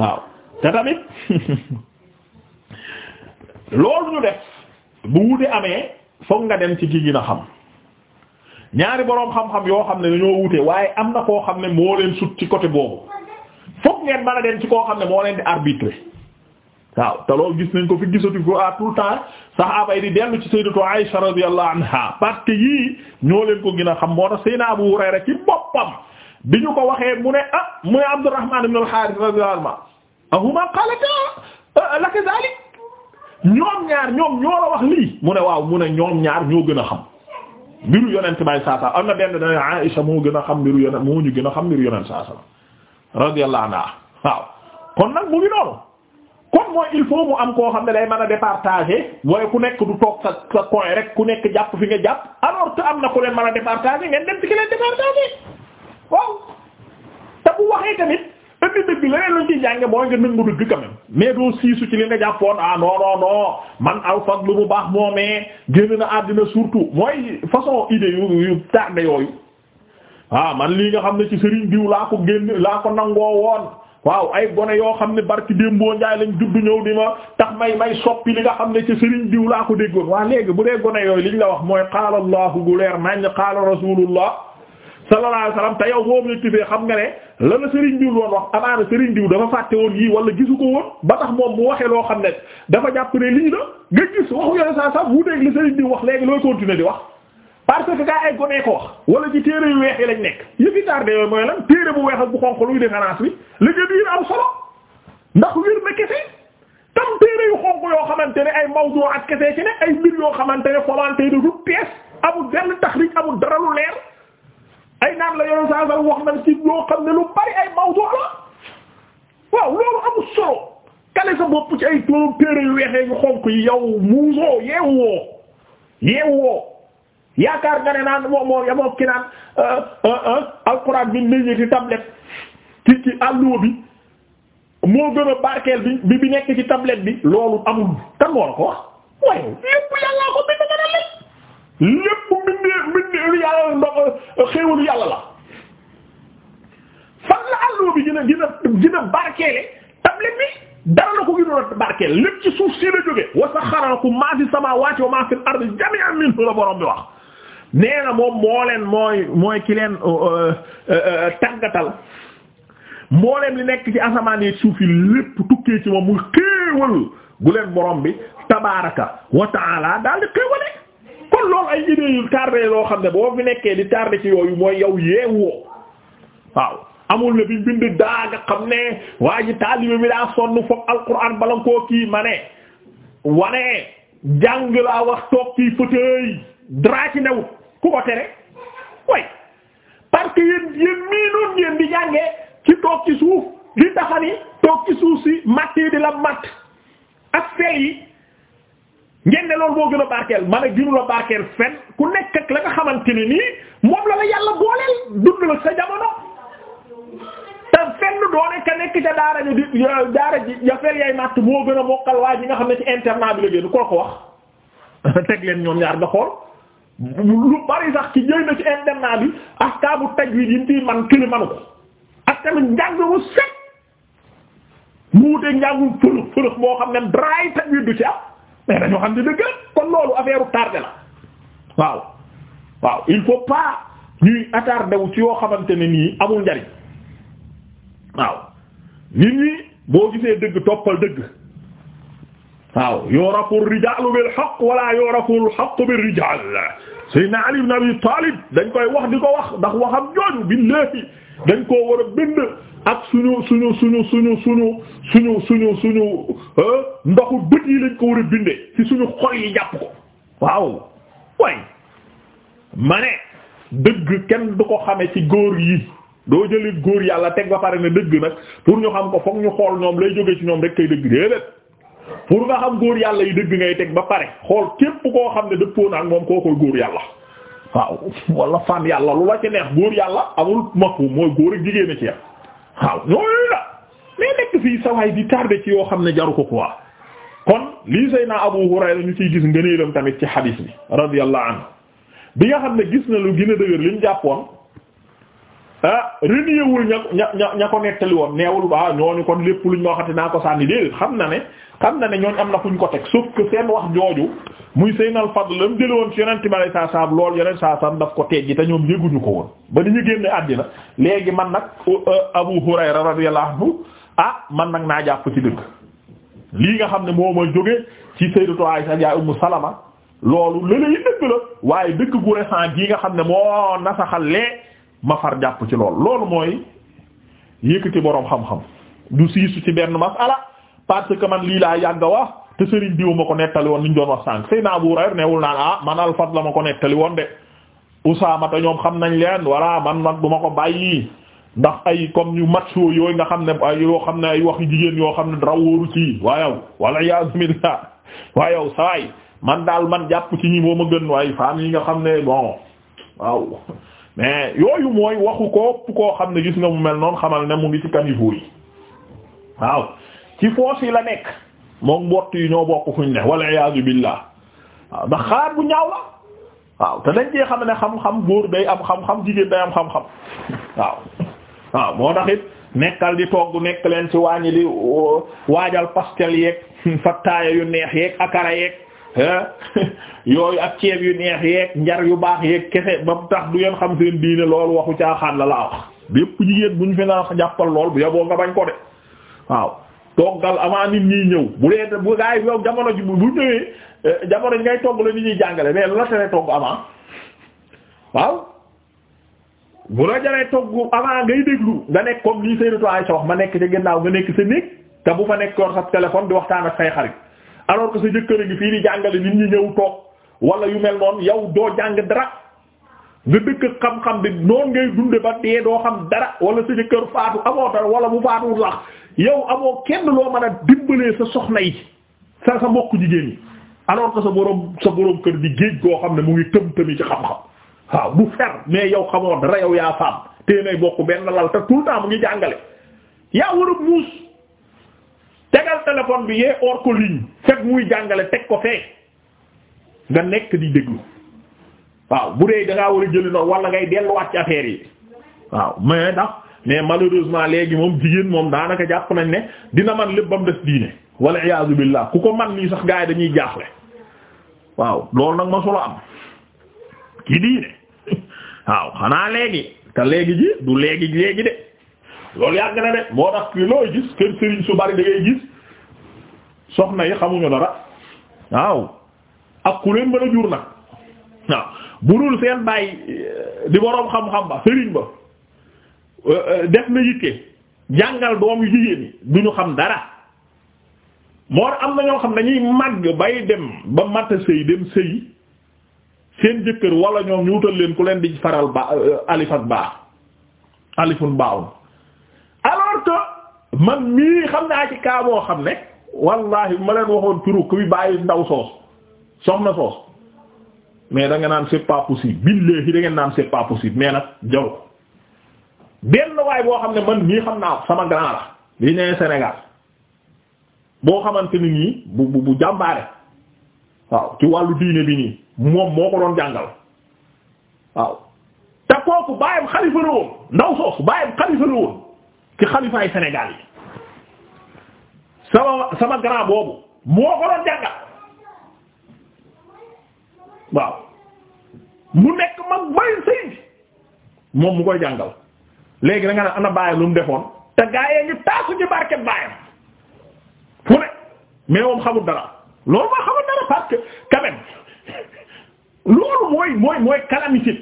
waaw te tamit loolu ñu def bu wute amee foog nga dem ci ki gën a xam ñaari boroom xam-xam yoo xam ne dañoo wute waaye am na koo xam ne moo leen sut ci côté boobu foog ngeen mën a dem ci koo xam ne moo leen di arbitrer waaw te loolu gis nañ ko fi gisatu ko à tout le temps saxaaba yi di dellu ci sayyidatu Aisha radiyallahu anha parce que yii ñoo leen ko gën a xam moo tax Seydina Abu Hurayra ci boppam bi ñu ko waxee mu ne ah mu ne Abdurrahman ibn al-Harith radiyallahu anhu ahuma qalata ah, laka zalik ñoom ñaar ñoom ñoo wax lii mu ne waaw mu ne ñoom ñaar ñoo gën a xam mbiru yonent bay saa am na benn dana Aïsha moo gën a xam mbiru yonent moo gën a xam mbiru yonent saa saa radiyallahu anha waaw kon nag mu ngi kon mooy il faut mu am koo xam ne day mën a départager waaye ku nekk du toog sa sa rek ku nekk jàpp fi nga jàpp alors que am na ku leen mën a waaw te bu waxee tamit indi dëgg leneen luñ ciy jànge mooy nga nëngu dëgg quand même mais doo siisu ci li nga jàppoon ah non man aw fadlu bu baax moomee génn na àddina surtout mooy façon idée yu yu tànn yooyu ah man lii nga xam ne ci sëriñ diw laa ko génn laa ko nangoo woon waaw ay gone yoo xam ne barki démboo njaay lañ judd ñëw di ma tax may may soppi li nga xam ne ci sëriñ diw laa ko déggoon waa léegi bu dee gone yooyu liñ la wax mooy qaala allahu gu leer nañ qaala sallallahu alayhi wasallam te yow boo objectifee xam nga ne la la Serigne Diouf doon wax amaana Serigne Diouf dafa fàtte woon yii wala gisu ko woon ba tax moom mu waxee loo xam ne dafa jàpp ne lii la nga gis waxu yore saa sax wuuteeg li Serigne Diouf wax léegi looy continuer di wax. parce que gaa ay gonee ko wax wala ci téere yu weex yi lañ nekk yëfi tardé yooyu mooy lan téere bu weex ak bu xonq luy différence bi la nga diir am solo ndax wir na kese tam téere yu xonq yoo xamante ne ay mawdu ak kese ci ne ay mbir yoo xamante ne fomanté de toute pièce amul benn taxriij amul dara lu leer ay naan la yeneen saa saa wax na loo xam ne lu bari ay mawdu la waaw loolu amul solo kale sa bopp ci ay tóoram téere yu weexee yu xonk yi yow muusoo yeewu woo yaakaar nga ne naan moo moo yamoo ki naan euh, euh, euh, alxuraan bi néegée ci tablette ci ci bi moo gën a barkeel bi bi nekk ci tablette bi loolu amul kan ko wax waaye lépp yàllaa ko bind nga ne lépp xéewalu yàlla ndox xéewalu yàlla la fan la àllu bi dina dina dina barkeele tablet bi dara la ko gënoon a barkeele lépp ci suuf si la jógee wa saxxarakum maa fi samaawaati wa maa fi al-ardi jamii'an la borom bi wax nee na moom moo leen mooy mooy ki leen uh, uh, uh, tàggatal mbooleem li nekk ci asamaan yi suuf yi lépp tukkee ci moom muy xéewal gu leen borom bi tabaaraka wa ta'aala daal di xéewale kon loolu ay idées yu tardé loo xam ne boo fi nekkee di tardé ci yooyu mooy yow yeewoo waaw amul ne bi bind daa nga xam ne waa ji bi daa sonn foog alquran bala nga koo kii ma ne wane jàng laa wax toog kii fauteuil dara ci new ku ko tere way parce que mii noon yéen di jàngee ci toog ci suuf li taxani toog ci suuf si matt yi di la matt ak sel ngeen ne loolu gën a barkeel ma ne ginu la barkeel fen ku nekk la nga xamante ne nii moom la la yàlla booleel dund la sa jamono te fenn doone ka nekk ca daara ji di daara ji jafeel yay natt moo gën a mokkal waa ji nga xam ne ci internat bi la génn koo ko wax teg leen ñoom ñaar nga xool lu bari sax ci jëy na ci internat bi ak kaabu tajwid yi ti man këli manu ko ak tamit njàng mu set mu wute njàngu fëlëx fëlëx moo xam ne dray tajwid du ci am mais dañoo xam ne dëgg la kon loolu affaire tardé la waaw waaw il faut pas ñuy attardé wu ci yoo xamante ne nii amul njariñ waaw nit ñi boo gisee dëgg toppal dëgg waaw yurafu rijaalu bil haqq wala yurafu al haqq bir rijaal Seydina Ali ibn Abi Talib dañ koy wax di ko wax ndax am jooju billahi dañ koo war a bind ak suñu suñu suñu suñu suñu suñu suñu suñu euh, ndoxu bët yi lañ ko war a bindee ci suñu xol yi jàpp ko waaw way ma ne dëgg kenn du ko xamee ci góor yi doo jëlit góor yàlla teg ba pare ne dëgg nag pour ñu xam ko fokk ñu xool ñoom lay jóge ci ñoom rek kay dëgg déedéet pour nga xam góor yàlla yi dëgg ngay teg ba pare xool képp koo xam ne dëppoo na ak moom koo koy góor yàlla waaw wala femme yàlla lu la ci neex góor yàlla amul maku mooy góor ak jigéen a ci yàq waaw ñooñu la mais nekk fii sawaay di tardé ci yoo xam ne jaru ko quoi kon lii Seydina Abu Hurayra ñu ciy gis ngëneelam tamit ci xadiis bi radiyallahu anhu bi nga xam ne gis na lu gën a dëgër liñ jàppoon ah reniewul ña ña ña ko nettali woon neewul waa ah ñooñu kon lépp luñ ma waxati naa ko sànni déedéet xam na ne xam na ne ñooñ am na fuñ ko teg sauf seen wax jooju muy Seynal Fadl la mu jëlee woon ci yonent bi saa lool yeneen saa saam daf ko teggi te ñoom yëguñu ko woon ba ni ñu génne àddina léegi man nag euh, euh, Abu Hurayra radiyallahu anhu ah man nag naa jàpp ci dëkk lii nga xam ne moo ma jóge ci Sayyidatu Aisha jaay Ummu Salama loolu lële yi dëgg la waaye dëgg gu récent gii nga xam ne moo nasaxal lee ma far jàpp ci lool loolu mooy yëkkati boroom xam-xam du siisu ci benn masala parce que man lii laa yàgg a te Serigne diw ma ko nettali woon li doon wax sànq naa Abu Hurayra neewul naan ah man al Fadl la ma ko nettali woon de Usaama te ñoom xam nañ leen voilà man nag du ma ko bàyyi ndax ay comme ñu macho yooyu nga xam ne ay yoo xam ne ay waxi jigéen yoo xam ne dara wóoru ci waayow wala waaye waayow sawaay man daal man jàpp ci ñi moo ma gën waaye femmes yi nga xam ne bon waaw mais yooyu mooy waxu ko koo xam ne gis nga mu mel noonu xamal ne mu ngi ci caniveau yi ci foos yi la nekk moom mbott yi ñoo bokk fuñ ne wal iyaazu billah waaw ndax xalaat bu ñaw la waaw te dañ cee xam ne xam-xam góor day am xam-xam jigéen day am xam-xam waaw waaw moo tax nekkal di togg nekk leen ci wàññi uh, waajal pastel yeeg fattaaya yu neex yeeg akara yeeg yooyu ak ceeb yu neex yeeg njar yu baax yeeg kese ba tax du ngeen xam seen diine loolu waxu caaxaan la laa wax bépp jigéen bu fi na jàppal lool bu yaboo nga bañ ko de waaw toggal avant nit ñi ñëw bu dee bu gaa yi yow jamono ji bu ñëwee eh, jamono ji ngay togg la nit ñuy jàngale mais lu la teree togg avant waaw bu la jaree togg avant ngay déglu nga nekk comme lii Sayyidatu Aisha wax ma nekk ca gennaaw nga nekk sa néeg te bu fa nekk sa téléphone di waxtaan ak say xarit alors que sa jëkkër a ngi fii di jàngale nit ñi ñëw toog wala yu mel noonu yow doo jàng dara nga dëkk xam-xam bi noonu ngay dunde ba dee doo xam dara wala sa jëkkër faatu amoo dara wala bu faatuwul yow amoo kenn loo mën a dimbalee sa soxna yi sa sa mbokk jigéen yi alors que sa borom sa borom kër di géej koo xam ne mu ngi tëm tëmi ci xam-xam waaw bu fer mais yow xamoo dara yow yaa faam tee nay bokk benn lal te tout le temps mu ngi jàngale yaa war a muus tegal téléphone bi yee or ko ligne fekk muy jàngale teg ko fee nga nekk di déglu waaw bu dee da ngaa war a jëli noonu wala ngay delluwaat ci affaire yi waaw mais ndax mais malheureusement léegi moom jigéen moom daanaka jàpp nañ ne dina man lépp ba mu des diine wala iyaazu billah ku ko man lii sax gars yi dañuy jaaxle waaw loolu nag ma solo am ki diine waaw xanaa léegi te léegi ji du léegi léegi de loolu yàgg na de moo tax ki looy gis kër sëriñ su bari da ngay gis soxna yi xamuñu dara waaw ak ku leen mën a jur na waaw bu dul seen bàyyi di boroom xam-xam ba sëriñ ba def na yitte jàngal doom yu jigéen du ñu xam dara moo am na ñoo xam dañuy màgg bay dem ba matt sëy dem sëy seen jëkkër wala ñoom ñu wutal leen ku leen di faral baax euh, alif ak baa alifun baawun alors que man mii xam naa ci kaa boo xam ne wallahi ma leen waxoon turu ku bi bàyyi ndaw soos soxna soos mais da nga naan c'est pas possible billahi da ngeen naan c'est pas possible mais nag jaw benn waay boo xam ne man mii xam naa sama grand la li nee Sénégal boo xamante ni nii bu bu bu jàmbaare waaw ci wàllu diine bi nii moom moo ko doon jàngal waaw te kooku bàyyam xalifa la woon ndaw soosu bàyyam xalifa la woon ci xalifaay Sénégal yi sama sama grand boobu moo ko doon jàngal waaw mu nekk mag bay sëy moom mu koy jàngal léegi da nga ne ana baayam lu mu defoon te gaa yee ngi taasu ci barke baayam fu ne mais moom xamul dara loolu moo xamul dara parce que quand même loolu mooy mooy mooy calamité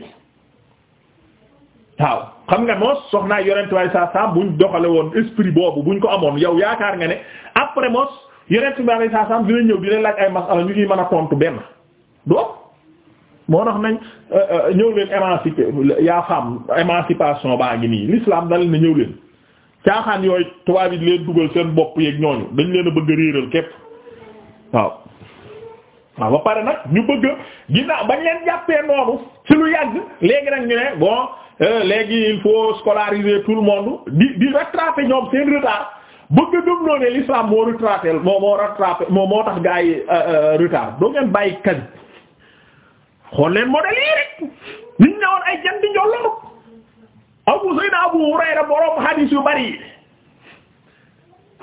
waaw xam nga moos soxnaa yonent saa saa buñ doxale woon esprit boobu buñ ko amoon yow yaakaar nga ne après moos yonent bi alayhi salaam dina ñëw dina laaj ay masala ñu ngi mën a tontu benn donc moo tax nañ euh, euh, ñëw leen émancipé yaa femme émancipation baa ngi nii l'islam dal na ñëw leen caaxaan yooyu tubaab yi di leen dugal seen bopp yeeg ñooñu dañ leen a bëgg a réeral képp waaw waaw ba pare nag ñu bëgg ginnaaw bañ leen jàppee noonu ci lu yàgg léegi nag ñu ne bon euh, léegi il faut tout le monde di di rattraper ñoom seen retard bëgg a gëm loo ne moo rattrapé moo moo tax gaa yi retard doo ngeen bàyyi kañ xool leen modèle yi rek ñu ñëwoon ay jant njolloor Abu Sayyid Abu Hurayra borom hadis yu bari yi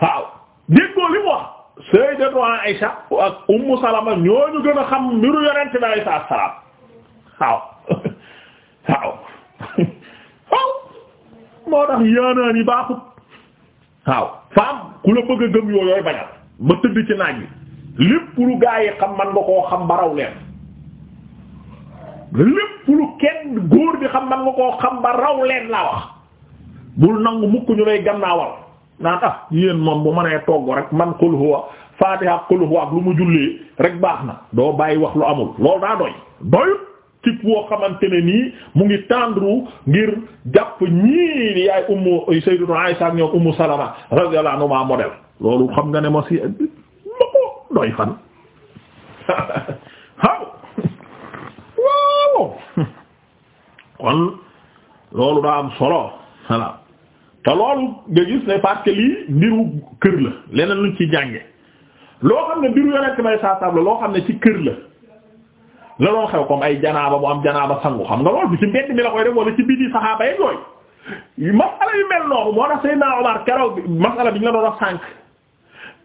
waaw déggoo li mu wax Sayyidatu Aisha ak Ummu Salama ñooñu gën a xam mbiru Yonent bi alayhi salaam waaw waaw moo tax yaanaan yi baaxut waaw faam ku la bëgg a gëm yooyu bañal ba tëdd ci naaj bi lépp lu gaa yi xam man nga koo xam baraw leen lépp lu kenn góor bi xam man nga koo xam ba raw leen laa wax bul nangu mukk ñu lay gannaawal naan ah yéen moom bu mënee togg rek man qul huwa faatiha qul ak lu mu jullee rek baax na doo bàyyi wax lu amul loolu daa doy doyut ci woo xamante ne nii mu ngi tàndru ngir jàpp ñii di yaay ummu sayyidatu Aisha ñoom ummu Salama radiyallahu anha loolu xam nga ne ma si ma ko doy fan kon loolu daa am solo voilà te loolu nga gis ne parce que lii mbiru kër la leneen lu ci jànge loo xam ne mbiru yonent may saasaam la loo xam ne ci kër la la doon xew comme ay janaaba bu am janaaba sangu xam nga loolu bi ci mbedd mi la koy def wala ci biti saxaaba yi yooyu masala yu mel noonu moo tax Seydina Omar keroog masala bi ñu la doon a sànk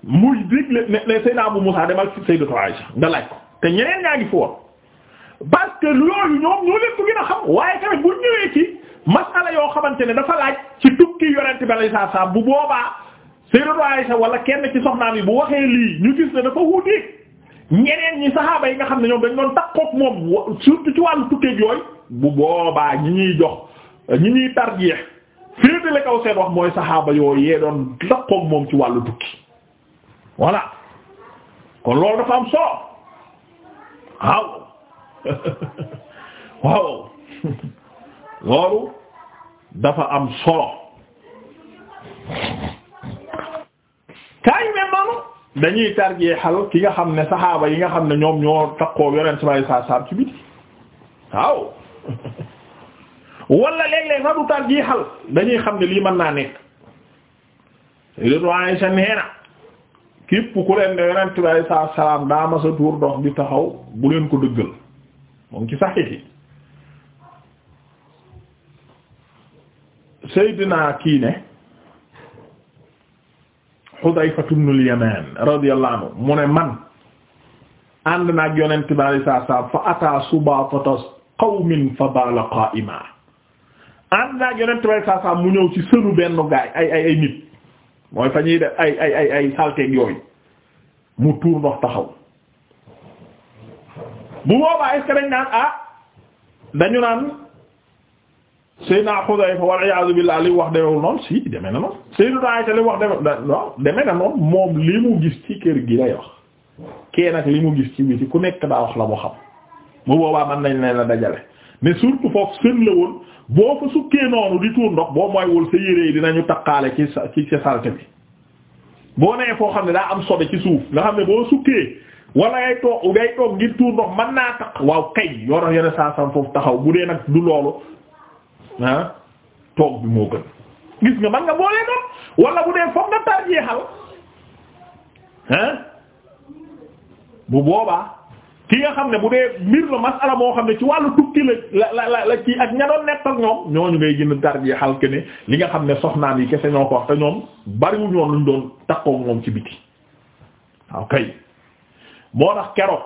muy digle ne ne Seydina Abu Musa demal Sayyidatu Aisha nga laaj ko te ñeneen ñaa ngi fi woon parce loolu ñoom ñoo leen ko gën a xam waaye tamit bu ñëwee ci masala yoo xamante ne dafa laaj ci tukki yorente bi alayhi salaam bu boobaa sayyidatu Aisha wala kenn ci soxnaam yi bu waxee lii ñu gis ne dafa wuuteeg ñeneen ñi saxaaba yi nga xam ne ñoom dañ doon takkook moom surtout ci wàllu tukkeeg yooyu bu boobaa ñi ñuy jox ñi ñuy tarjeex féetale kaw seen wax mooy saxaaba yooyu yee doon takkook moom ci wàllu tukki voilà kon loolu dafa am solo waaw waaw loolu dafa am solo kaay mel noonu dañuy tarjeexal ki nga xam ne saxaaba yi nga xam ne ñoom ñoo takkoo yoreen si may saa saab ci biti waaw wala léeg-léeg sax du tarjeexal dañuy xam ne lii mën naa nekk Sayyidatu Aisha nee na képp ku ne yoreen si may saa saam daa ma sa tuur dox di taxaw bu leen ko dëggal mu ci saxiix yi Seydina kii ne Xudayfatu ibnul Yamaan radiyallahu anhu mu ne man ànd naag yonent bi alayhi fa ataa subaatata qawmin fa baala qaa'ima ànd naag yonent bi alayhi mu ñëw ci sënu benn gaay ay ay ay nit mooy fa ñuy def ay ay ay ay yooyu mu tuur ndox taxaw. bu boobaa est-ce que dañ naan ah dañu naan Seydina Xudayfa wal iyaazu billaah li wax demewul noonu si deme na noonu Seydina Aysa li wax deme waaw deme na noonu moom li mu gis ci kër gi lay wax kee nag li mu gis ci biti ku nekk daa wax la mu xam bu boobaa man nañ leen la dajale mais surtout foofu sën la woon boo fa sukkee noonu di tuur ndox boo moywul sa yére yi dinañu taqaale ci sa ci sa salte bi boo nee foo xam ne daa am sobe ci suuf nga xam ne boo sukkee wala ngay toog ngay toog ngir tuur ndox mën naa tax waaw kay yoroon yore saa sam foofu taxaw bu dee nag du loolu ah toog bi moo gën gis nga mën nga boolee doon wala bu dee foog nga tar jeexal ah bu boobaa ki nga xam ne bu dee mbir la masala moo xam ne ci wàllu tukki la la la la kii ak ña doon nekk ak ñoom ñooñu ngay gën a tarjee xal ke li nga xam ne soxnaan yi kese ñoo ko wax te ñoom bariwuñoon luñ doon takkook moom ci biti waaw kay moo tax keroog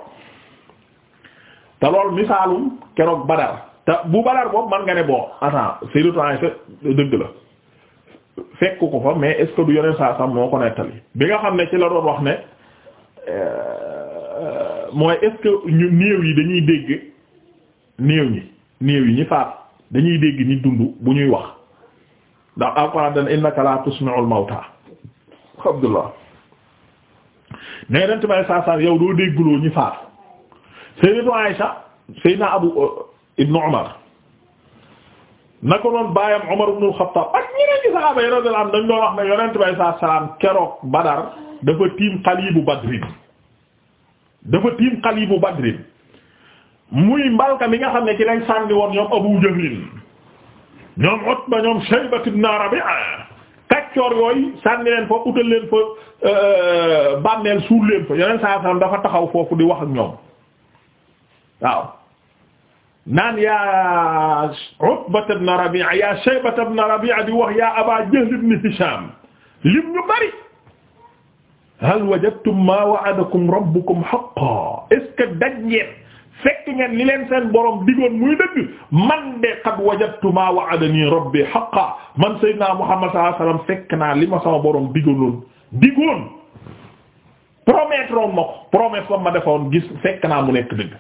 te loolu misaalum keroog badar te bu badar boobu man nga ne bon attends Sayyidatu dëgg la fekk ko fa mais est-ce que du yeneen saa sam moo ko nettali bi nga xam ne ci la doon wax ne euh, mooy est ñu néew yi dañuy dégg néew ñi néew yi ñi faat dañuy dégg ñi dund bu ñuy wax ndax alquran dana innaka la tusmi'ul mawta Abdullah ne yonent bay saa saa yow doo déggloo ñi faatu Sayyidatu Aisha Sayyidina Abu euh, Ibn Umar na ko noon baayam Umar ibn al-Khattab ak ñeneen ñi saxaaba yi radiyallahu anhum dañ doon wax ne yonent bay saa salaam keroog Badar dafa tiim xaliibu Badrin dafa tiim xaliibu Badrin muy mbalka mi nga xam ne ci lañ sànni woon ñoom Abu Jahlin ñoom Utba ñoom Shaybat ibn Rabi'a kaccoor yooyu sànni leen fa utal leen fa euh, euh, bàmmeel suul leen fa yeneen saa saam dafa taxaw foofu di wax ak ñoom waaw naan yaa Utbat ibn Rabi'a yaa Shaybat ibn Rabi'a di wax yaa Aba Jahl ibn Hisham lim ñu bari hal wajadtum ma wa'adakum rabbukum haqqan est-ce que daj ngeen fekk ngeen li leen seen borom digoon muy dëgg man de qad wajadtu ma wa'adani rabbi haqqan man sayyidina Muhammad sallallahu naa li sama borom digaloon digoon promettre woon ma ko promesse ba ma mu nekk dëgg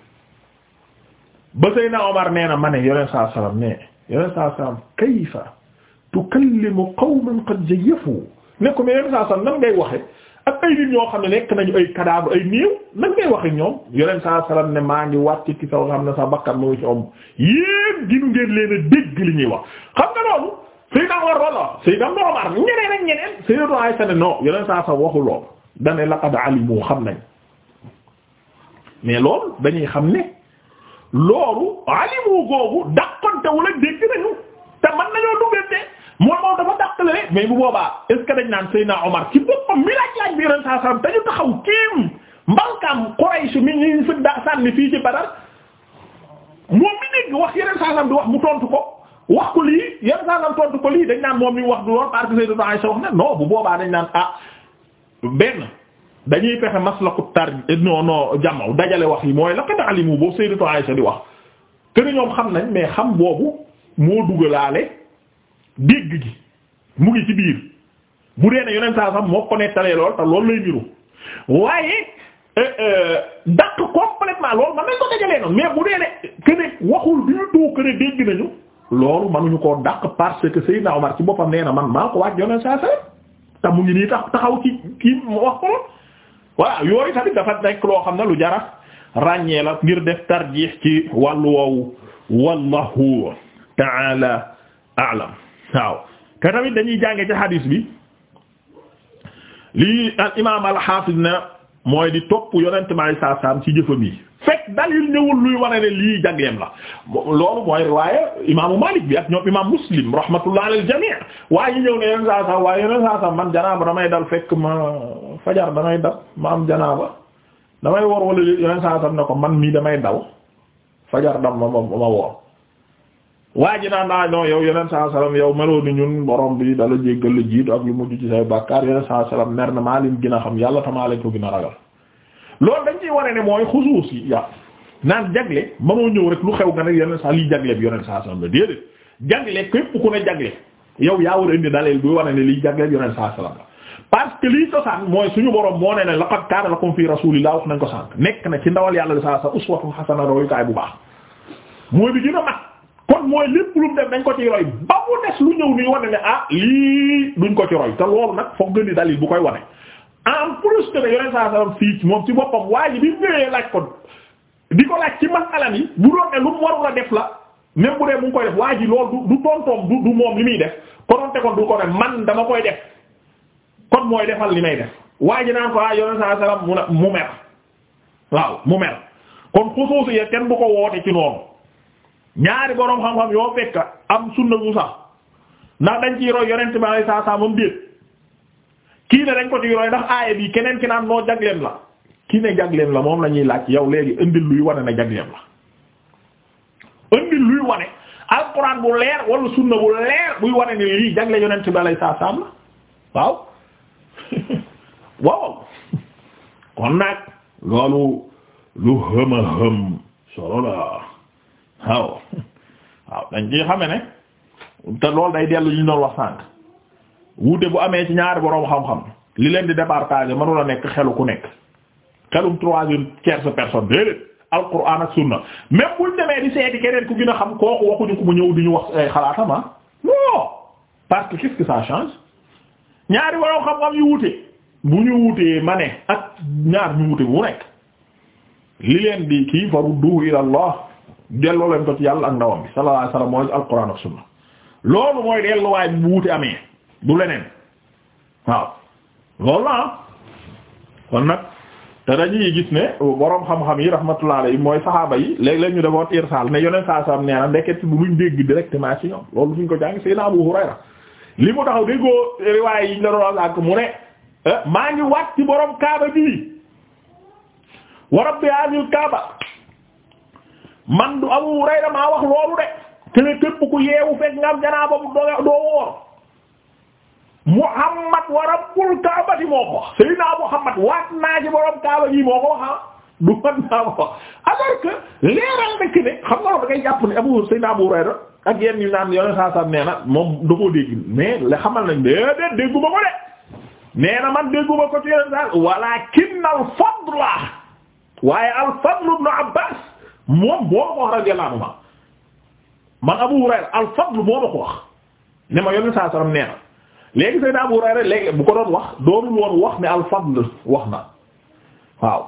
ba na ma ne yoneen saa sallam ne yoneen saa sallam kayfa tukallimu qawman qad jayyafu ne ko mais yoneen saa sallam nan waxe ak ay nit ñoo xam ne nekk nañu ay cadavre ay néew nag ngay wax ak ñoom yonent saa salaam ne maa ngi wàcc ci saw xam na sa bakkan moo ci om yéen ginu ngeen leen dégg li ñuy wax xam nga loolu Seydina Umar walla Seydina Umar ñeneen ak ñeneen Seydina Aysa ne non yonent saa sa waxu lool dane laqad alimu xam nañ mais loolu dañuy xam ne loolu alimu googu dàqantewul ak dégg nañu te mën nañoo duggante moom moom dafa dàqale mais bu boobaa est dañ naan Seydina Omar ci boppam mi laaj laaj bi yoneen saa salaam te ñu taxaw kiim mbalkaam Quraysh mi ñu fi da sànni fii ci Badar moom mi dégg wax yeneen saa di wax mu tontu ko wax ko lii yeneen saa tontu ko lii dañ naan moom mi wax du woon parce que Seydina Aïcha wax na bu boobaa dañ naan ah benn dañuy fexe maslaku tar non non jàmmaw dajale wax yi mooy laqad alimu boobu Sayyidatu Aïcha di wax te ñoom xam nañ mais xam boobu moo dugalaale dégg gi mu ngi ci biir bu dee ne yonent saa sax moo ko nettalee lool te loolu lay niru waaye euh, euh, dàq complètement loolu man nañ ko dajalee noonu mais bu dee ne que waxul bi ñu doo que dégg nañu loolu mënuñu koo dàq parce que Seydina Omar ci boppam nee na man maa ko waaj yonent saa sax te mu ngi nii tax taxaw ci kii wax ko voilà yooyu tamit dafa nekk loo xam ne lu jara ràññee la ngir def tarjiix ci wàllu woowu wallahu ta'ala a'lam waaw te tamit dañuy jànge ci hadis bi lii al imaam al hafiz na mooy di topp yonent maay saa ci jëfam yi fekk dalil ñëwul luy wane lii jagleem la loolu mooy riwaaya imaamu Maalik bi ak ñoom imaam Muslim rahmatullah alal jamii waaye ñëw ne yonent saa waaye yonent saa man janaaba damay dal fekk ma fajar damay dal ma am janaaba damay wor wala yonent saa saam ne ko man mii damay dal fajar dam ma ma wor waa ji naan naa non yow yeneen saa salaam yow meloo ni ñun borom bi dala jéggal la jiitu ak lu mujj ci say bàkkaar yeneen saa salaam mer na maa leen a xam yàlla tamaa ko gën a ragal loolu dañ ciy wane ne mooy xusuus yi ya naan jagle mënoo ñëw rek lu xew nga ne yeneen sa liy jagle bi yeneen saa salaam la déedéet jagle képp ku ne jagle yow yaa war a indi daleel buy wane ne liy jagle bi sa saa salaam la parce que liy cosaan mooy suñu borom moo ne ne laqad kaana lakum fi ko sànq nekk na ci ndawal yàlla saa sa uswatun hasana royukaay bu baax mooy bi kon mooy lépp lu mu dem dañ ko ci roy ba mu des lu ñëw ni wane ne ah lii duñ ko ci roy te loolu nag foog gën di dalil bu koy wane am plus que ne yoneen saa sallam fii moom ci boppam waa ji bi ñëwee laaj ko di ko laaj ci man masalam yi bu doon ne lu mu warul def la même bu dee mu koy def waa ji loolu du tontoom du du moom li muy def konoonte kon du ko ne man dama koy def kon mooy defal li may def waa ji naan ko ah yoneen saa sallam mu mu mer waaw mu mer kon xusuusi bu ko woote ci noonu ñaari boroom xam-xam yoo fekk am sunna gu sax ndax dañ ciy roy yonent bi alayhi salaam moom déet kii ne dañ ko ciy roy ndax aaya bi keneen ki naan noo jagleem la kii ne jagleem la moom lañuy ñuy laaj yow léegi indil luy wane na jagleem la indil luy wane alquran bu leer wala sunna bu leer buy wane ni lii jagle yonent bi alayhi salaam la waaw waaw kon nag loolu lu hëma hëm solo waaw waaw dañ ci xame ne te loolu day dellu li ñu doon wax sànq wuute bu amee ci ñaari woroom xam-xam li leen di départager mënu la nekk xelu ku nekk xelum troisième tierce personne déedéet alquran ak sunna même buñ demee di seeti keneen ku gën xam kooku waxuñu ko mu ñëw di wax ay xalaatam ah parce que quest change ñaari boroom xam-xam yu wuute bu ñu wutee ma ne ak ñaar ñu wuute bu nekk li leen di kii faru duhu ila Allah delloo leen ko ci yàlla ak ndawam bi sallallahu alayhi wasallam mooy alquran ak sunna loolu mooy delluwaay bu wuute amee du leneen waaw loolu la ah. kon nag te dañuy gis ne boroom xam-xam yi rahmatullah alayhi mooy saxaaba yi léeg-léeg ñu defoon irsaal ne yoneen saa saam nee na ndeket bu luñ dégg directement ci ñoom loolu suñ ko jàng Seydina Abu Hurayra li mu taxaw déggoo riwaay yi ñu la doon ak mu ne eh, maa ngi waat ci boroom kaaba bi wa rabbi hadil kaaba man du Abu Hurayra maa wax loolu de te ne képp ku yeewu fekk nga am janaaba bu doge doo woor Muhammad wa rabbul kaabati moo ko wax Seydina Muhammad waat naa ci borom kaaba gi moo ko wax ah du man naa ko wax alors que leeral na ne xam nga da ngay jàpp ne Abu Seydina Abu Hurayra ak yenn yu naan yone saa saa nee na moom da koo dégg mais la xamal nañ déedéet dégguma ko de nee na man dégguma ko ci yeneen saa walaakin al fadla waaye al fadlu ibn Abbas moom boo ma ko wax radiyallahu anhu man Abu Hurayra al-Fadl ma ko wax ne ma yónni saa salaam nee na léegi Seydina Abu Hurayra léegi bu ko doon wax doonul woon wax ne al wax na waaw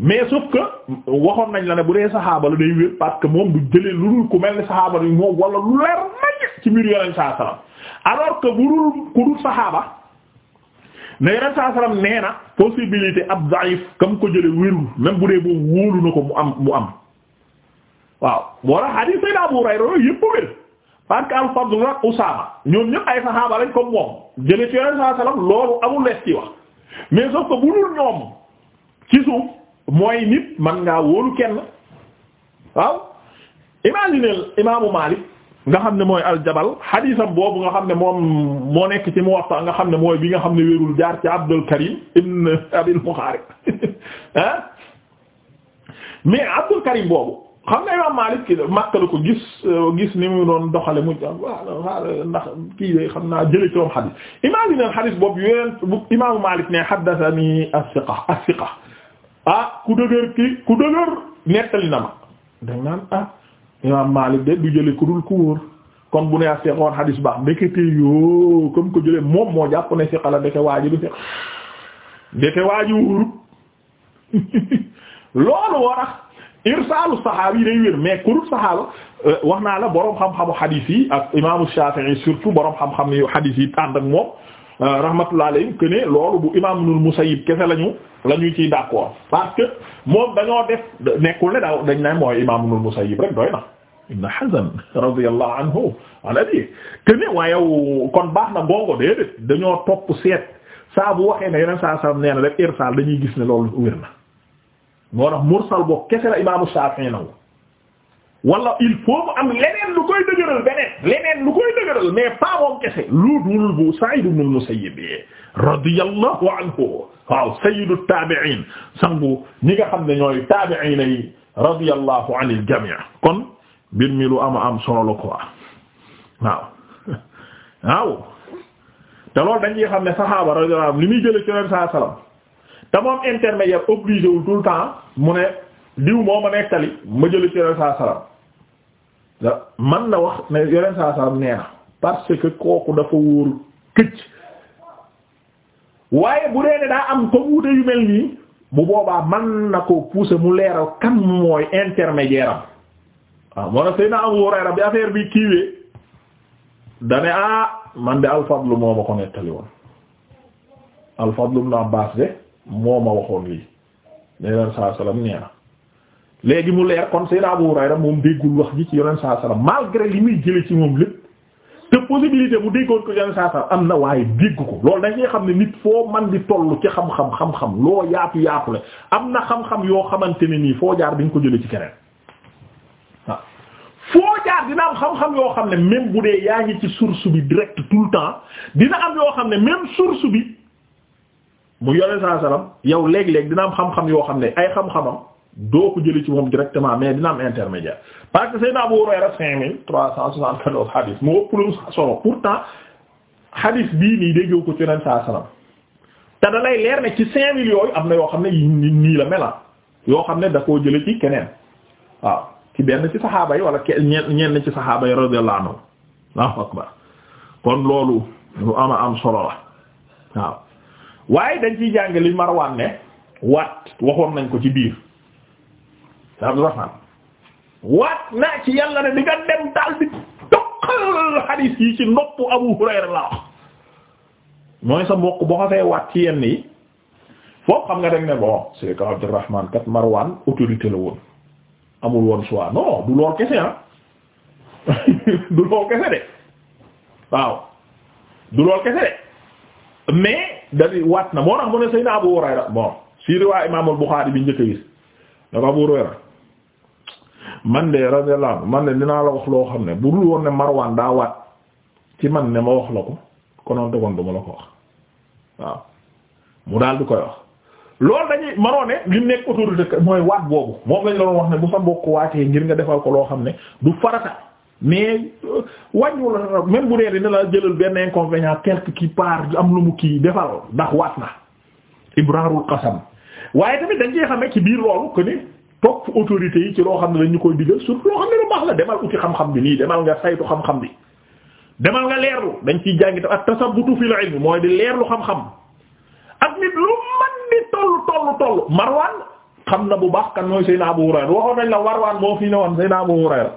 mais sauf que waxoon nañ la ne bu dee saxaaba la day wér parce que moom du jëlee lu dul ku mel ni saxaaba yi moom wala lu leer nañ ci mbir yonent saa salaam alors que bu dul ku dul saxaaba ne yeneen saa salaam nee na possibilité ab daif kam ko jële wérul même bu dee boobu wóolu na ko mu am mu am waaw moo tax hadith Sayyid Abu Hurayra yëpp a wér parce que al-Fadl ak Usaama ñoom ñëpp ay saxaaba lañ comme moom jële ci yeneen saa salaam loolu amul lees ci wax mais sauf ko bu dul ñoom ci mooy nit man ngaa wóolu kenn waaw imagine imaamu Maalik nga xam ne mooy aljabal xadiisam boobu nga xam ne moom moo nekk ci Muwatta nga xam ne mooy bi nga xam ne wérul jaar ci Abdul Karim ibn Abil Muxaarib ah mais Abdul Karim boobu xam nga Imaam Maalik ki Makka la ko gis euh, gis ni mu doon doxale mu waaw ndax kii day xam naa jële ci moom xadiis imaam yi neen xadiis boobu yoneen bu Imaamu Maalik ne haddasani as-siqa as-siqa ah ku dëgër ki ku dëgër nettali ah imaam Maalik de du jële ku dul ku wóor kon bu ne a seexoon xadiis baax ndekete yoo comme ko jële moom moo jàpp ne siqa la ndeke waaji du siq ndeke waaji wóorut loolu woo irsaalu saxaabi yi day wér mais ku dul saxaaba euh, wax naa la boroom xam-xamu xadiis yi ak imaamu Shaafi'i surtout boroom xam-xam yu xadiis yi tànd ak moom euh, rahmatullah alayhi que ne loolu bu imaamul Musayyib kese lañu la ñu ciy d'accord parce que moom dañoo def nekkul ne daaw dañ ne mooy imaamul ibn Hazm radiyallahu anhu an abi kene waayow kon baax na gongo déedéet dañoo topp seet saa bu waxee ne yeneen saa sam nee na rek irsal dañuy gis ne loolu wér na moo tax mursal boo kese la imaamu Shafi'i nangu wala il faut mu am leneen lu koy dëgëral beneen leneen lu koy dëgëral mais pas moom kese lu dul bu Sa'id ibn al-Musayyib radiyallahu anhu waaw sayyidu taabi'iin sangu ñi nga xam ne ñooy taabi'iin yi radiyallahu anil jamii' kon mbir mi lu am am solo la ko waaw waaw te loolu dañuy xam ne saxaaba radiyallahu anhum li muy jëlee ci Yonent saa salaam te moom intermédiaire obligé wul tout temps mu ne diw moo ma nettali ma jëlee ci Yonent saa salaam man na wax ne Yonent saa salaam nee parce que kooku dafa wóor këcc waaye bu dee ne daa am ko wuute yu mel nii bu boobaa man na ko pousser mu leeral kan mooy intermédiaire am. waaw moo tax Seydina am Hurayra bi affaire bi kiiwee dane ah man de al-Fadlu moo ma ko nettali woon al-Fadlu ibn baax de moo ma waxoon lii yeneen saa salaam nee na léegi mu leer kon Seydina Abu Hurayra moom déggul wax ji ci yeneen saa salaam malgré li muy jële ci moom lépp te possibilité bu déggoon ko yeneen saa salaam am na waaye dégg ko loolu dañ koy xam ne nit foo man di toll ci xam-xam xam-xam loo yaatu yaatu la am na xam-xam yoo xamante ne nii foo jaar dañ ko jële ci keneen. foo jaar dina am xam-xam yoo xam ne même bu dee yaa ngi ci source bi direct tout le temps dina am yoo xam ne même source bi mu yone saa salaam yow léeg-léeg dina am xam-xam yoo xam ne ay xam-xamam doo ko jële ci moom directement mais dina am intermédiaire parce que Seydina Abu Hurayra cinq mille trois cent soixante-quatorze hadith mu ëpp lu solo pourtant hadith bii nii déggoo ko ci yoneen saa salaam te da leer ne ci cinq mille yooyu am na yoo xam ne nii la mela ah yoo xam ne da koo jëlee ci keneen ci benn ci saxaaba yi wala ñenn ñenn ci saxaaba yi radiyallahu anhu Allahu akbar kon loolu lu ama am solo la waaw waaye dañ ciy jàng li Marwaan ne waat waxoon nañ ko ci biir Abdurrahman waat ci yàlla ne di nga dem daal di xadiis yi ci nopp Abu Hurayra la mooy sa mbokk boo xasee waat ci yenn yi foofu xam nga dañ ne bon c'est que Abdurrahman kat Marwaan autorité la woon amul woon choix non du lool kese ah du lool kese de waaw du lool kese de mais dadi waat na moo tax mu ne Seydina Abu Hurayra bon si riwaa Imaamul Buxaari bi njëkk gis dafa Abu Hurayra man de radiyallahu anhu man de dinaa la wax loo xam ne bu dul woon ne Marwaan daa waat ci man ne ma wax la ko konoon te kon du la ko wax waaw mu daal di koy wax loolu dañuy mënoo ne li nekk autorité mooy waat boobu moom lañ doon wax ne bu sa mbokk waatee ngir nga defal ko loo xam ne du farata mais euh, wàññiwul la même bu dee dina la jëlal benn inconvénient quelque qui part am lu mu kii defal ndax waat na ibrarul qasam waaye tamit dañ cee xam ne ci biir loolu que ni topp autorité yi ci loo xam ne dañu koy digal surtout loo xam ne lu baax la demal uti xam-xam bi nii demal nga saytu xam-xam bi demal nga leerlu dañ ciy jàngi tam ak tasabbutu fil ilm mooy di leerlu xam-xam toll toll toll Marwan xam na bu baax kan mooy Seydina Abu Hurayra waxoon nañ la Marwan moo fi ne woon Seydina Abu Hurayra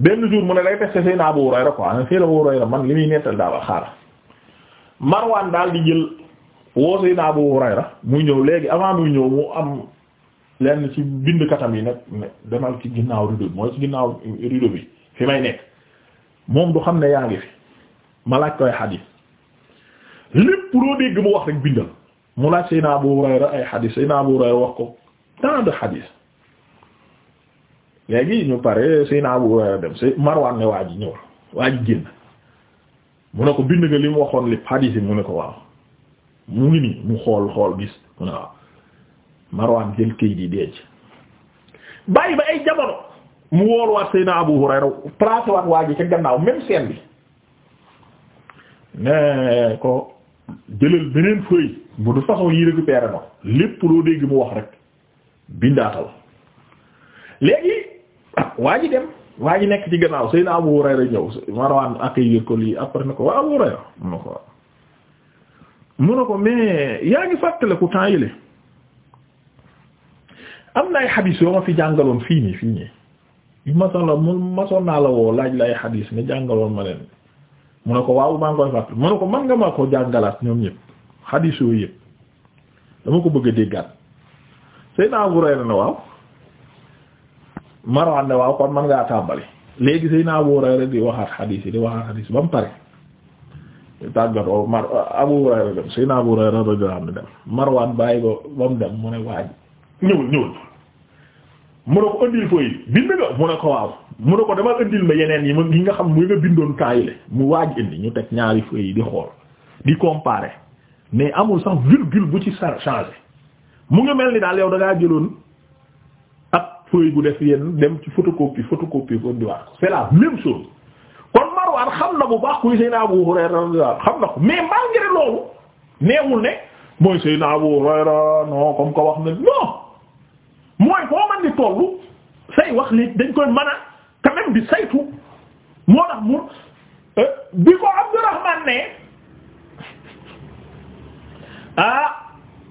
benn jour mu ne day tester Seydina Abu Hurayra quoi muy ñëw léegi avant muy ñëw mu am lenn ci bind katam yi nag demal ci ginnaaw rideau bi mooy ci ginnaaw rideau bi fi may nekk moom du xam ne yaa ngi fi ma laaj koy xadiis lépp loo dégg mu wax rek bindal. mu laaj Seydina Abu Hurayra ay xadiis Seydina Abu Hurayra wax ko tant xadiis léegi ñu pare Seydina Abu Hurayra dem Sey Marwan ne waa ji ñëw génn mu ne ko bind nga li mu waxoon lépp xadiis mu ne ko waaw mu ngi nii mu xool xool gis mu ne waaw Marwan jël këyit yi denc bàyyi ba ay jamono mu wooluwaat Seydina Abu Hurayra placé waat waa ji ca gannaaw même seen bi ne ko jëlal beneen feuille bu du façon yi récupéré na lépp loo dégg mu wax rek bindaatal léegi waa ji dem waa ji nekk ci gannaaw sëy na Abu Hurayra ñëw Marwan accueillir ko lii ko waa Abu Hurayra ko mun na ko yaa ngi fàttaliku temps yële am na ay yoo ma fi jàngaloon fii nii fii nii masoon la mu masoon la woo laaj la ay xadiis ne jàngaloon ma leen mu ne ko waaw maa koy fàttali mu ne ko man nga ma ko jàngalaat ñoom ñëpp xadiis yooyu dama ko bëgg a déggaat Seydina Abu Hurayra ne waaw Marwan ne waaw kon man ngaa tàmbali léegi Seydina Abu Hurayra di waxaat xadiis yi di waxaat xadiis ba mu pare tàggatoo Mar Abu Hurayra dem Seydina Abu Hurayra radiyallahu anhu dem Marwan bàyyi ko ba mu dem mu ne waaj ñëwul ñëwul mu ne ko ëndil fooy bind nga mu ne ko waaw mu ne ko dama indil ma yeneen yi ma yi nga xam mu nga bindoon kaayile mu waaj indi ñu teg ñaari feuilles yi di xool di comparer mais amul sax virgule bu ci changé mu ngi mel ni daal yow da ngaa jëloon ak feuille bu def yenn dem ci photocopie photocopie ko diwaat ko c'est la même kon Marwan xam na bu baax kuy Seydina Abu Hurayra xam na ko mais malgré loolu neewul ne mooy Seydina Abu Hurayra non comme ko wax na non mooy foo man di tollu say quand même di saytu moo tax mu euh, bi ko Abdourahman ne ah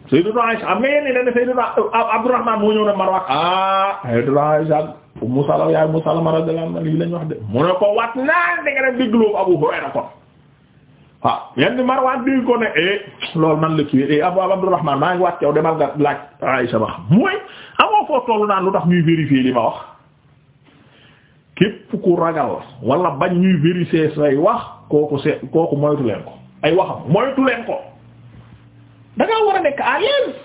Sayyidatu Aisha am nga yenn ne ne Sayyidatu euh, Abdourahman moo ñëw na Marwaan ah Sayyidatu Aisha Ummu Salama yaay Ummu Salama radiyallahu anha lii lañ wax de mu ne ko wat naan di nga dem diggloo Abu Hurayra kon waaw yenn Marwaan dégg ko ne eh loolu man la kii eh Abu Abdourahman maa ngi waat yow demal nga laaj Aisha ba xam mooy amoo foo tollu naan lu tax ñuy vérifier li ma wax. képp ku ragal wala bañ ñuy vérifier say wax kooku se kooku moytu leen ko ay wax moytu leen ko da war a nekk à l'aise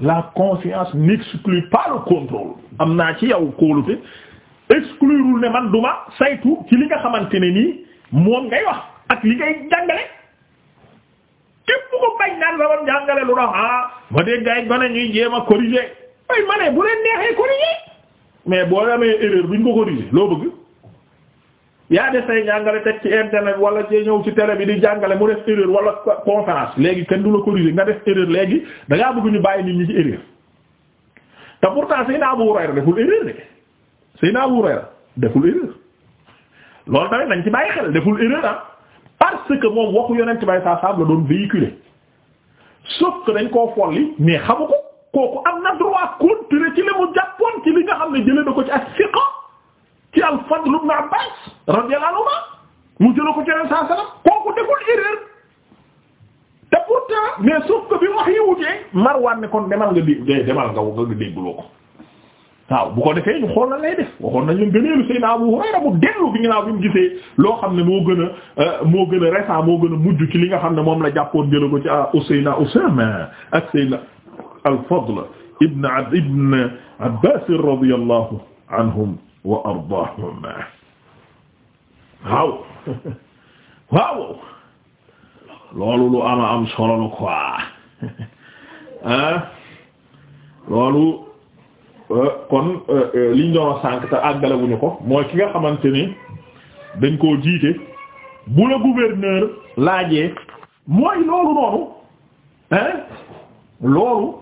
la confiance n'exclut pas le contrôle am naa ci yow kóolute exclurul ne man duma saytu ci li nga xamante ne nii moom ngay wax ak li ngay jàngale képp ko bañ naan sabam jàngale lu dox ah ma dégg gars yi ñuy jéem a corriger ma ne bu leen neexee corriger mais boo amee erreur buñ ko corriger loo bëgg yaa def say jàngale teg ci internet wala ci ñëw ci télé bi di jàngale mu def erreur wala conférence léegi kenn du la corriger nga def erreur léegi da ngaa bëgg ñu bàyyi nit ñi ci erreur te pourtant Seydina Abu Hurayra deful erreur de Seydina Abu Hurayra deful erreur loolu tamit nañ ci bàyyi xel deful erreur ah parce que moom waxu yonent bay saa saab la doon véhiculer sauf dañ koo folli mais xamu ko kooku am na droit continuer nekkoon ci li nga xam ne jëlee ko ci as-siqa ci al-Fadl ibn Abbas radiyallahu anhuma mu jëlee ko ci Yonent sallallahu alayhi wasallam kooku deful erreur te bi wax yi wutee ne kon demal nga dégg demal nga nga déggloo ko bu ko defee ñu xool na lay def waxoon nañu gëneelu Seydina Abu Hurayra mu dellu bi ginaaw bi mu gisee loo xam ne moo gën a euh, moo gën a récent moo gën a mujj ci li nga xam ne moom la jàppoon jëlee ko ci ah, Seydina Usaama ak Seydina al ibn Abd Abbaas radiyallahu anhum waaw loolu lu ama am solo la quoi ah. loolu euh, kon euh, liñ doon a te àggalewuñu ko mooy ki nga xamante ni dañ koo jiite bu la gouverneur laajee mooy loolu noonu hein loolu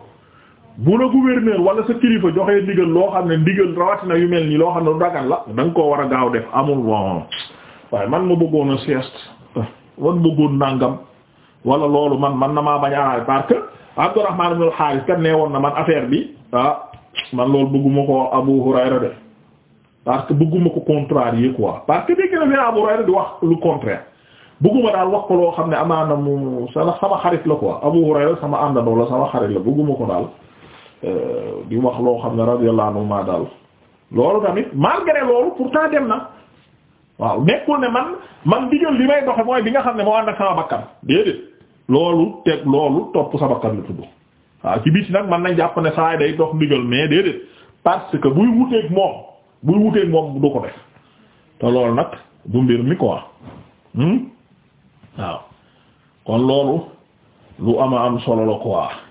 bu la gouverneur wala sa kilifa joxee ndigal loo xam ne ndigal rawatina yu mel nii loo xam ne lu dagan la da nga koo war a gaaw def amul bon waaye man ma bëggoon a sieste wan bëggoon nangam wala loolu man man na maa bañ a parce que Abdurrahman ibn al-Harith nee woon na man affaire bi ah man loolu bëgguma ko Abu Hurayra def parce que bëgguma ko contrarier quoi parce que dégg na fi Abu Hurayra di wax lu contraire bëgguma daal wax ko loo xam ne amaana mu sama xarit la quoi Abu Hurayra sama àndandoo la ko daal. Euh, di wax loo xam ne radiyallahu anhu ma daal loolu tamit malgré loolu pourtant dem na waaw nekkul ne man man digal li may doxe mooy bi nga xam ne moo ànd ak sama bakkan déedéet loolu teg loolu topp sa bakkan la tudd waaw ci biir si nag mën nañ jàpp ne saa day dox ndigal mais déedéet parce que buy wuteeg moom buy wuteeg moom du ko def te loolu nag du mbir mi quoi hmm? waaw kon loolu lu ama am solo la quoi.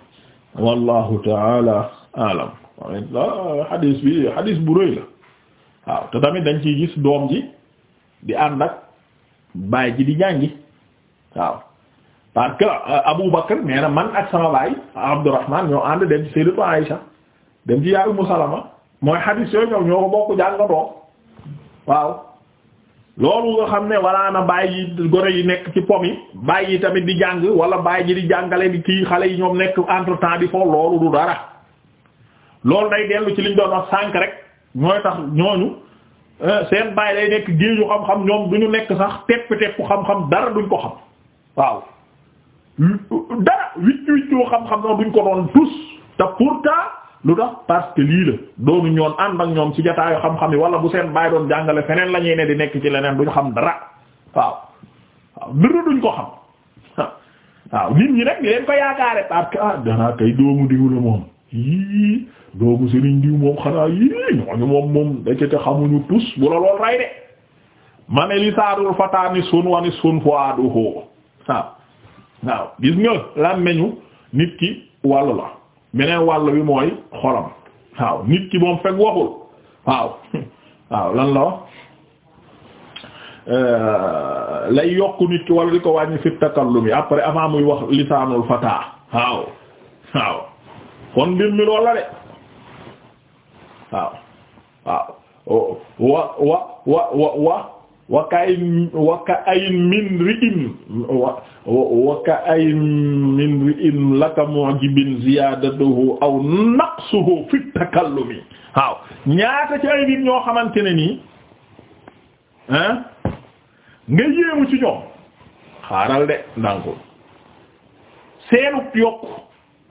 wallahu taala alam la xadis bi xadis bu rëy la waaw te tamit dañ ciy gis doom ji di ànd ak baay ji di jàngi waaw parce que euh, Abu Bakr nee man ak sama baay Abdurrahman ñoo ànd dem ci Sayyidatu Aïsha dem ci yaay Ummu mooy xadis yooyu ñoom ñoo ko bokk jàngandoo waaw loolu nga xam ne walla na bàyyi yi gone yi nekk ci pom yi bàyyi yi tamit di jàng wala bàyyi ji di jàngale di kii xale yi ñoom nekk entre temps di foofu loolu du dara loolu day dellu ci liñ doon a sànk rek ñooy tax ñooñu euh, seen bàyyi day nekk géeju xam-xam ñoom du nekk sax tepp-tepp xam-xam dara duñ ko xam waaw dara wicc wiccu xam-xam noonu duñ ko doon tus te pourtant lu tax parce lii la doonu ñoon ànd ak ñoom ci jataayu xam-xam yi wala bu seen bàyyi doon jàngale feneen la ñuy ne di nekk ci leneen duñ xam dara waaw waaw dara duñ ko xam waaw nit ñi rek di ko yaakaare parce ah danaa kay doomu diw moom yii doomu sëriñ diw moom xanaa yii ñooñu moom moom dakkate xamuñu tus bu la lool ray de ma ne li saarul fataani sun wani sun fuwaaduhu waaw waaw gis nga làmmeñu nit ki wàllu la beneen wàll bi mooy xolam waaw nit ki moom fekk waxul waaw waaw lan la euh, lay yokk nit ki wala di ko wàññi fi takallum yi après avant muy wax lisaanul fataa waaw waaw kon mbir mi lool la de waaw waaw wa wa wa wa wa wa ka'in wa ka'in min ri'in wa ay min ri'in laka mu'jibin ziyadatuhu aw naqsuhu fi takallumi waaw ñaata ci ay nit ñoo xamante ne nii ah nga yéemu ci ñoom xaaral de ndànk seenug yokk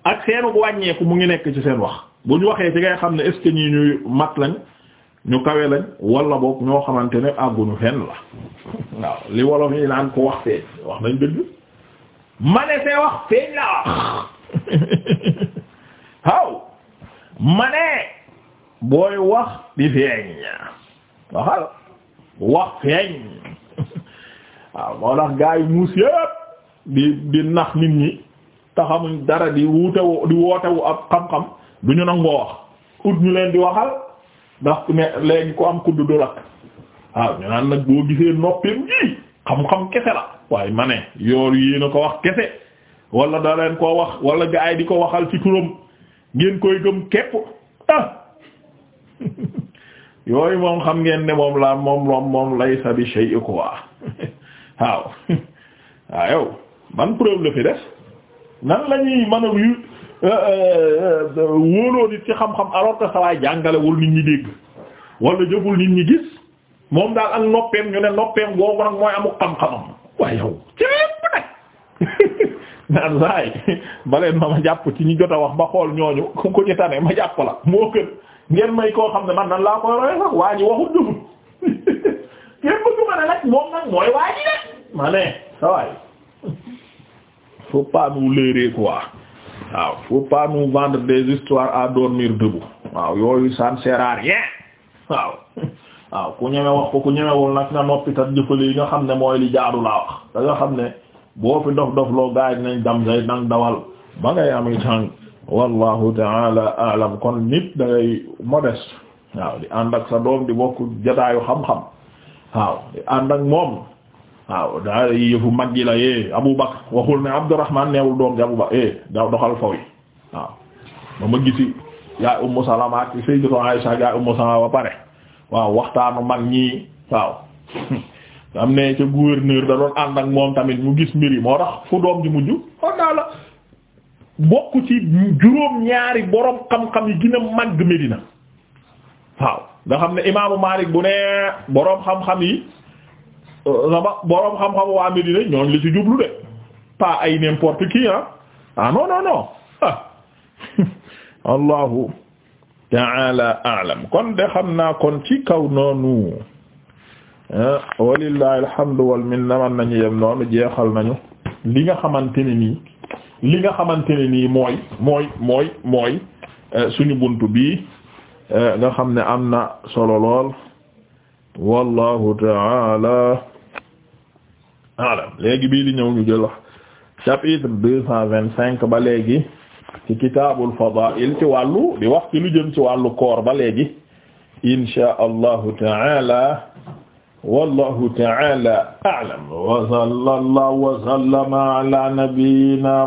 ak seenug wàññeeku mu ngi nekk ci seen wax bu ñu waxee ci ngay xam ne est ce ñuy mat lañ ñu kawe lañ wala boog ñoo xamante ne àgguñu fenn la waaw li wolof yi naan ko wax feeñ wax nañ dëgg ma ne wax feeñ la wax waaw booy wax di feeñ waxal wax feeñ waaw moo tax gaa yi muus yëpp di di nax nit ñi taxamuñ dara di wuute di wootewu ab xam-xam du ñu nangoo wax ut ñu leen di waxal ndax ne léegi ku am kudd du lakk waaw ñu naan nag boo gisee noppim ji xam-xam kese la waaye ma ne yoor yéen a ko wax kese wala da leen koo wax wala gaa yi di ko waxal ci turam ngeen koy gëm kepp ah yooyu moom xam ngeen ne moom laa moom moom moom lay sabi ko quoi waaw waaw yow ban preuve fi des nan la ñuy mën Euh, euh, euh, wóoloo nit ci xam-xam alors que sawaay jàngalewul nit ñi dégg wala jëful nit ñi gis moom daal ak noppeem ñu ne noppeem googu nag mooy amul xam-xamam waaye yow ci lépp nag naan saay baleen ma ma jàpp ci ñi jot a wax ba xool ñooñu ku ko ci tane ma jàpp la moo gën ngeen may koo xam ne man nan laa koy roye sax waa ji waxut jëfut ngeen bëgg ma ne nag moom nag mooy waa ji de ma sawaay faut pas nous leurrer quoi waaw faut pas nous vendre des histoires à dormir debout waaw yooyu ça ne waaw waaw ku ñeme wax ko ku ñemewul nag nga noppi tat yi nga xam ne mooy li jaadu laa wax da xam ne boo fi dof dof loo gaay dinañ dam say dawal ba ngay am tàng wallahu taala alam kon nit da modeste waaw di ànd ak sa doom di bokk jataayu xam-xam waaw di ànd ak moom waaw daa yi yëfu mag yi la é eh, Abu Bakr waxul ne Abdurrahman neewul doom ji Abu Bakr é eh, da doxal faw yi waaw ba ma gisi yaay Ummu Salama ak Sayyidatu Aisha yaay Ummu Salama ba pare waaw waxtaanu mag ñii waaw am ne ca gouverneur moom tamit mu gis mbir yi doom ji mujj ci juróom borom xam nga xam ne imaamu Malik bu ne borom xam-xam yi sama borom xam-xam waa Medina ñooñ la ci jublu de pas ay n'importe qui ah ah non non ah. allahu ta'ala a'lam kon de xam naa kon ci kaw noonu ah, walillahi alhamdu wal minna man nañu yem noonu jeexal nañu li nga xamante ne nii li nga xamante ne nii mooy mooy mooy mooy eh, suñu buntu bii eh, nga xam ne am na solo lool wallahu ta'ala alam léegi bii di ñëw ñu jël chapitre deux cent vingt cinq ba léegi ci kitaabul fadaa'il ci wàllu di wax ci lu ci wàllu koor ba léegi insha allahu taala wallahu taala a'lam wa sallallahu wa sallama ala nabiyyina